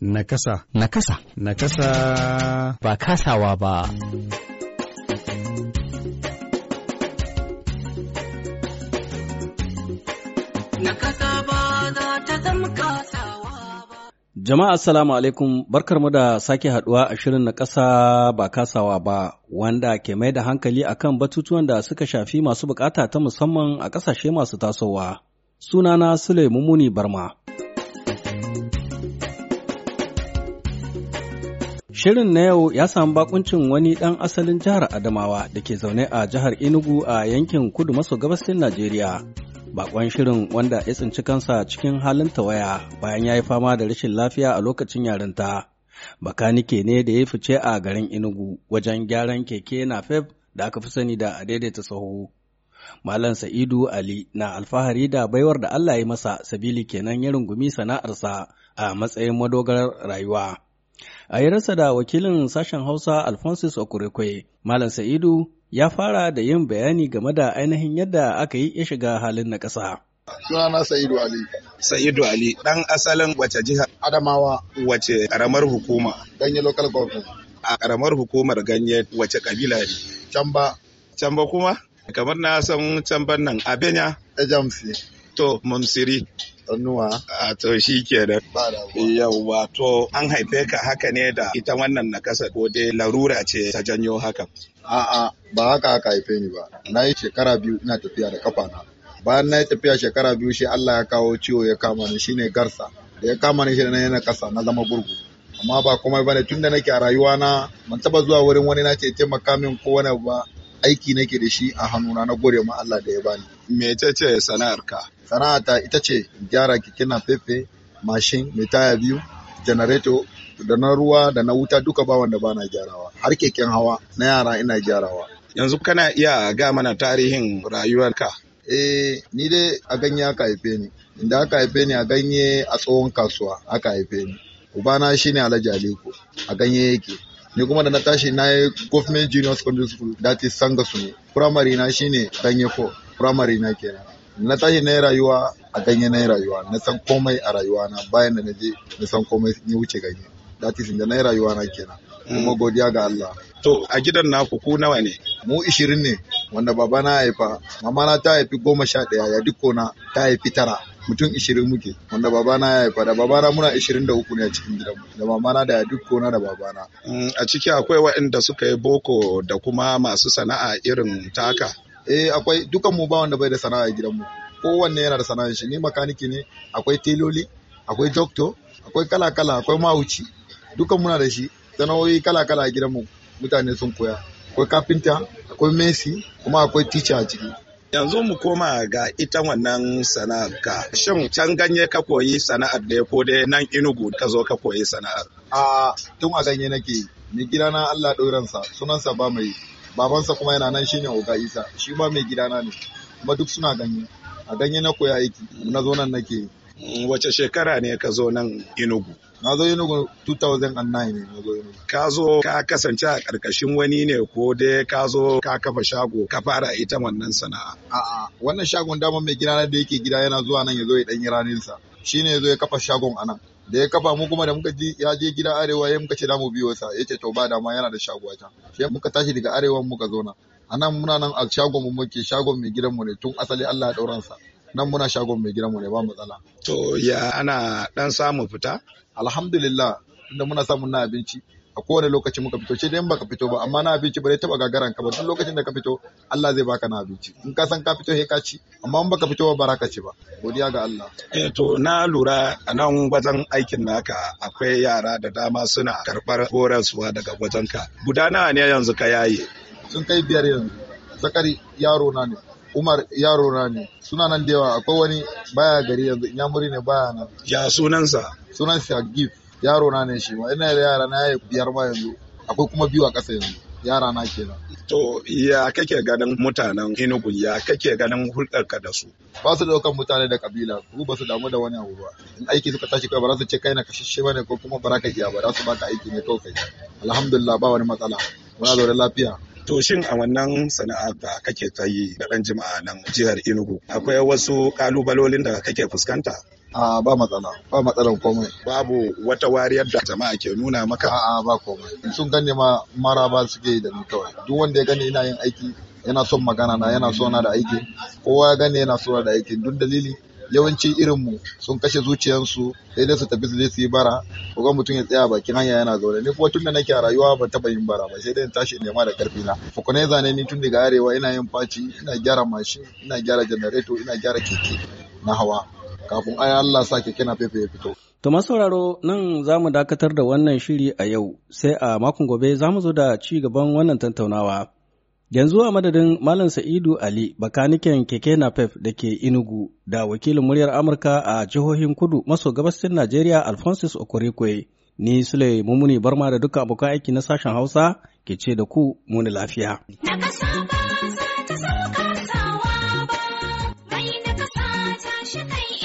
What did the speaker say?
Nakasa. Nakasa. Nakasa. Ba kasawa ba. Nakasa ba za ta zama kasawa ba. Jama'a Assalamu alaikum barkar mu da sake haduwa a shirin na ƙasa ba kasawa ba wanda ke mai da hankali akan batutuwan da suka shafi masu bukata ta musamman a ƙasashe masu tasowa. Sunana Sule Mumuni Barma. Shirin na yau ya samu bakuncin wani ɗan asalin jihar Adamawa da ke zaune a jihar Inugu a yankin kudu maso gabasin Najeriya. Bakon shirin wanda ya tsinci kansa cikin halin tawaya bayan ya yi fama da rashin lafiya a lokacin yarinta. Bakanike ne da ya fice a garin Inugu wajen gyaran keke na fef da aka fi sani da daidaita sahu. Malam Sa'idu Ali na alfahari da baiwar da Allah ya masa sabili kenan ya rungumi sana'arsa a matsayin madogarar rayuwa. A yi rasa da wakilin sashen Hausa Alphonsus Okurekwe, Malam Sa'idu ya fara da yin bayani game da ainihin yadda aka yi ya shiga halin na ƙasa. Sunana Sa'idu Ali. Sa'idu Ali, ɗan asalin wace jihar? Adamawa. Wace ƙaramar hukuma? Ganye local government. A ƙaramar hukumar ganye wace ƙabila ne? Camba. Camba kuma? Kamar na san camban nan Abenya. Ejamsi. To, Mamsiri. tsannuwa. A to shi kenan. Yawwa to an haife ka haka ne da ita wannan nakasa ko dai larura ce ta janyo haka. A'a ba haka aka haife ni ba. Na yi shekara biyu ina tafiya da na Bayan na yi tafiya shekara biyu shi Allah ya kawo ciwo ya kama ni shine garsa. Da ya kama ni shi na yana kasa na zama gurgu. amma ba komai bane tun da nake a rayuwa na ban taɓa zuwa wurin wani na ce taimaka min ko wani ba aiki nake da shi a hannuna na gode ma Allah da ya bani. ce sana'ar sana'a Sana'ata ita ce gyara kekena fefe, mashin, mai taya biyu, janareto, da na ruwa da na wuta duka ba wanda bana gyarawa. Har keken hawa na yara ina gyarawa. Yanzu kana iya ga mana tarihin rayuwarka? Eh, ni dai a ganye aka haife ni. Inda aka haife ni a ganye a tsohon kasuwa aka haife ni. Ubana shine Alhaji Aliko a ganye yake. ni kuma da na tashi na yi government junior secondary school that is sanga su primary na shine ganye ko primary na kenan na tashi na yi rayuwa a ganye na yi rayuwa na san komai a rayuwa na bayan da na je na san komai ni wuce ganye that is da na yi rayuwa na kenan kuma mm. godiya ga Allah to a gidan naku ku nawa ne mu 20 ne wanda babana ya haifa mama na ta haifi goma sha ya dukko na ta haifi tara mutum ishirin muke wanda babana ya haifa da babana muna ishirin da uku ne a cikin gidanmu da mamana da duk kona da babana. Mm, a ciki akwai waɗanda suka yi boko da kuma masu sana'a irin taka. eh akwai dukan mu ba wanda bai da sana'a a gidanmu kowanne yana da sana'ar shi ni makaniki ne akwai teloli akwai dokto akwai kala-kala akwai mahauci dukan muna da shi sana'o'i kala-kala a gidanmu mutane sun koya akwai kafinta akwai mesi kuma akwai teacher a ciki Yanzu mu koma ga ita wannan sana'ar ka. Shin can ganye ka koyi sana'ar da ya ko dai nan Inugu ka zo ka koyi sana'ar? A tun a ganye nake mai gida na Allah ɗoransa sunansa ba mai babansa kuma yana nan shine Oga Isa shi ba mai gida na ne kuma duk suna ganye a ganye na koya aiki na zo nan nake wace shekara ne ka zo nan inugu na zo inugu 2009 ne na zo inugu ka zo ka kasance a karkashin wani ne ko dai ka zo ka kafa shago ka fara ita wannan sana'a a'a wannan shagon dama mai gida da yake gida yana zuwa nan ya zo ya dan yi Shi ne ya zo ya kafa shagon anan da ya kafa mu kuma da muka ji ya je gida arewa ya muka ce da mu biyo sa ce to ba dama yana da shago can sai muka tashi daga arewa muka zo nan anan muna nan a shagon mu muke shagon mai gidan mu ne tun asali Allah ya sa nan muna shagon mai gidanmu ne ba matsala to ya ana dan samu fita alhamdulillah inda muna samun na abinci a kowane lokaci muka fito ce dai baka fito ba amma na abinci ba taba gagaran ka ba duk lokacin da ka fito Allah zai baka na abinci in ka san ka fito he ka ci amma in baka fito ba baraka ci ba godiya ga Allah eh to na lura a nan wajen aikin naka akwai yara da dama suna karbar horaswa daga wajen ka guda nawa ne yanzu ka yaye sun kai biyar yanzu zakari yaro na ne Umar yaro na ne suna nan da yawa akwai wani baya gari yanzu inyamuri ne baya nan ya sunansa sunansa gif yaro na ne shi ma ina da yara na yayi biyar ma yanzu akwai kuma biyu a ƙasa yanzu yara na nan. to ya kake ganin mutanen Enugu ya kake ganin hulɗarka da su ba su daukan mutane da kabila su ba su damu da wani abu ba in aiki suka tashi kai ba za su ce kai na ba ne, ko kuma ba za ka iya ba za su baka aiki ne kawai alhamdulillah ba wani matsala muna zaune lafiya To shin a wannan sana'a da kake ta yi da ɗan jima'a nan jihar Enugu akwai wasu ƙalubalolin da kake fuskanta? a ba matsala ba matsalan komai babu wata wariyar da jama'a ke nuna maka a'a ba komai in sun gane ma maraba suke yi da ni kawai duk wanda ya gane ina yin aiki yana son magana na yana so na da aiki kowa ya gane yana so da aiki duk dalili yawanci irin mu sun kashe zuciyansu sai dai su tafi su je su yi bara ko ga mutum ya tsaya bakin hanya yana zaune ni kuma tun da nake a rayuwa ba taba yin bara ba sai dai in tashi in nema da karfi na fukunaiza ne ni tun daga arewa ina yin faci ina gyara mashin ina gyara janareto ina gyara keke na hawa kafin ai Allah sa keke na fefe ya fito To sauraro nan za mu dakatar da wannan shiri a yau, sai a makon gobe za mu zo da ci gaban wannan tattaunawa. Yanzu a madadin Malam Sa'idu Ali bakaniken keke napep da ke Inugu da wakilin muryar Amurka a jihohin kudu maso gabasin Najeriya Alphonsus Okorikwe ni Sule Mumuni Barma da duka abokan aiki na sashen Hausa ke ce da ku muni lafiya. Na